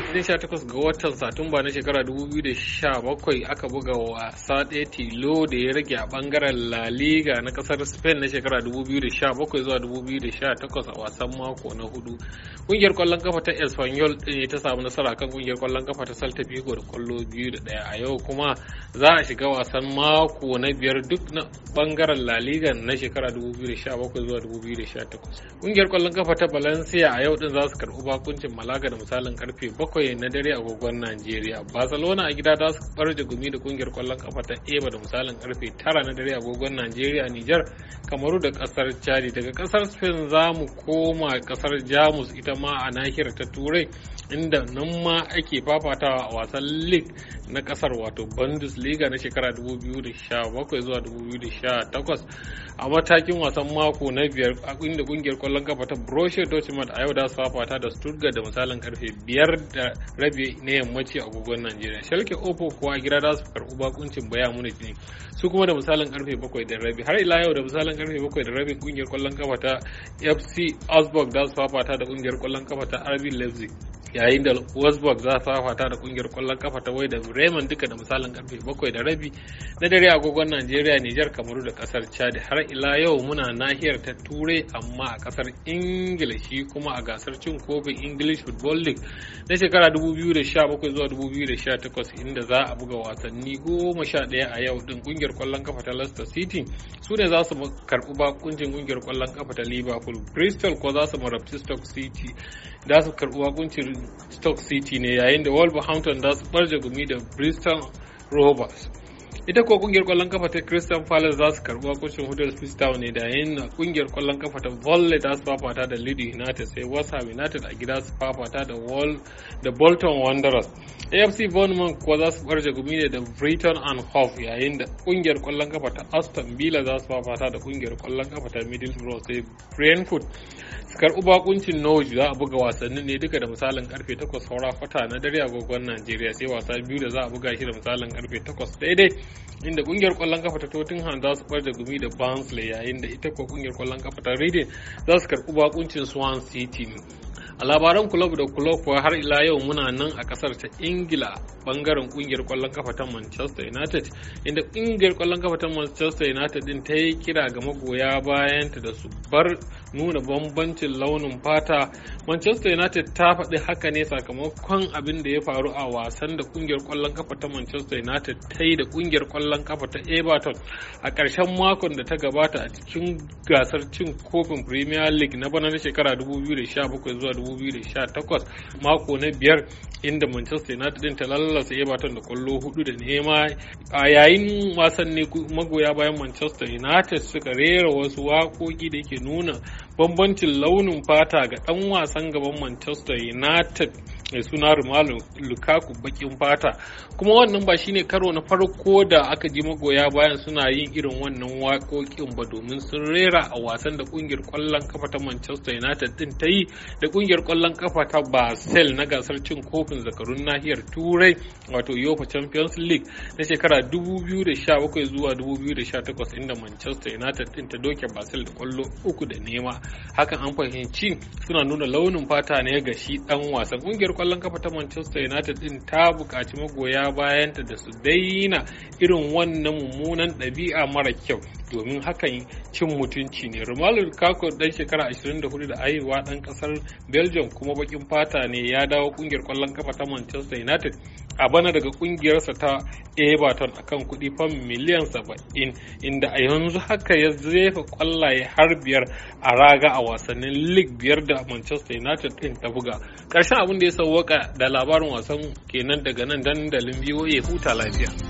litinin 18 ga watan satumba na shekara 2017 aka buga wasa ɗaya tilo da ya rage a bangaren la liga na kasar spain na shekara 2017 zuwa 2018 a wasan mako na hudu kungiyar kwallon kafa ta espanyol ɗin ta samu nasara kan kungiyar kwallon kafa ta salta biyu da kwallo biyu da ɗaya a yau kuma za a shiga wasan mako na biyar duk na bangaren la liga na shekara 2017 zuwa 2018 kungiyar kwallon kafa ta valencia a yau ɗin za su karɓi bakuncin malaga da misalin karfe 7 bakwai na dare agogon Najeriya. Barcelona a gida za su barje gumi da ƙungiyar kwallon ƙafa ta Eba da misalin karfe 9 na dare agogon Najeriya, Nijar, Kamaru da ƙasar Chadi. Daga ƙasar Spain za mu koma ƙasar Jamus ita ma a nahiyar ta Turai inda nan ma ake fafatawa a wasan League na kasar wato bundesliga na shekara 2017 zuwa 2018 a matakin wasan mako na biyar inda kungiyar kwallon kafa ta borussia dortmund a yau da su fafata da stuttgart da misalin karfe biyar da rabi na yammaci a agogon najeriya shalke opo kuwa gida da su karɓi bakuncin baya munich ne su kuma da misalin karfe bakwai da rabi har ila yau da misalin karfe bakwai da rabi kungiyar kwallon kafa ta fc augsburg da su fafata da kungiyar kwallon kafa ta rb leipzig yayin da Wolfsburg za su fafata da kungiyar kwallon kafa ta da Bremen duka da misalin karfe bakwai da rabi na dare agogon Najeriya, Nijar, Kamaru da kasar Chad har ila yau muna nahiyar ta Turai amma a kasar Ingila shi kuma a gasar cin kofin English Football League na shekara 2017 zuwa 2018 inda za a buga wasanni sha 11 a yau din kungiyar kwallon kafa ta Leicester City su ne za su karbi bakuncin kungiyar kwallon kafa ta Liverpool. Bristol ko za su marabci Stoke City za su karɓi bakuncin stoke city ne yayin da wolverhampton za su ɓarje gumi da bristol rovers ita ko kungiyar kwallon kafa ta christian palace za su karbi hukuncin huddersfield town ne da yin kungiyar kwallon kafa ta volley ta su fafata da lead united sai west ham united a gida su fafata da bolton wanderers afc bournemouth kuwa za su barje gumi ne da britain and hove yayin da kungiyar kwallon kafa ta aston villa za su fafata da kungiyar kwallon kafa ta middlesbrough sai brentford su karbi bakuncin norwich za a buga wasannin ne duka da misalin karfe 8 saura fata na dare agogon nigeria sai wasa biyu da za a buga shi da misalin karfe 8 daidai inda kungiyar kwallon kafa ta Tottenham za su bar da gumi da Barnsley yayin da ita ko kungiyar kwallon kafa ta Reading za su karɓi bakuncin Swan City A labaran kulob da kulob kuwa har ila yau muna nan a kasar ta Ingila bangaren kungiyar kwallon kafa ta Manchester United inda kungiyar kwallon kafa ta Manchester United din ta yi kira ga magoya bayan ta da su bar nuna bambancin launin fata. Manchester United ta faɗi haka ne sakamakon abin da ya faru a wasan da kungiyar kwallon kafa ta Manchester United ta yi da kungiyar kwallon kafa ta Everton a ƙarshen makon da ta gabata a cikin gasar cin kofin Premier League na bana na shekara 2017 zuwa 2018 mako na biyar inda manchester united din ta lallasa everton da kwallo hudu da nema a yayin wasan ne magoya bayan manchester united suka rera wasu wakoki da ke nuna bambancin launin fata ga ɗan wasan gaban manchester united mai suna Romelu Lukaku bakin fata kuma wannan ba shine karo na farko da aka ji magoya bayan suna yin irin wannan waƙoƙin ba domin sun rera a wasan da kungiyar kwallon kafa ta Manchester United din ta yi da kungiyar kwallon kafa ta Basel na gasar cin kofin zakarun nahiyar Turai wato yofa Champions League na shekara 2017 zuwa 2018 inda Manchester United din ta doke Basel da kwallo uku da nema hakan an fahimci suna nuna launin fata ne ga shi dan wasan kungiyar kwallon kafa ta Manchester United din ta buƙaci magoya bayanta da su daina irin wannan mummunan ɗabi'a mara kyau domin hakan cin mutunci ne romelu lukaku dan shekara 24 da aiwa dan kasar belgium kuma bakin fata ne ya dawo kungiyar kwallon kafa ta manchester united a bana daga kungiyarsa ta everton a kan kuɗi fam miliyan 70 inda a yanzu haka ya zefa kwallaye har biyar a raga a wasannin league biyar da manchester united din ta buga ƙarshen abin da ya sauwaka da labarin wasan kenan daga nan dandalin voa huta lafiya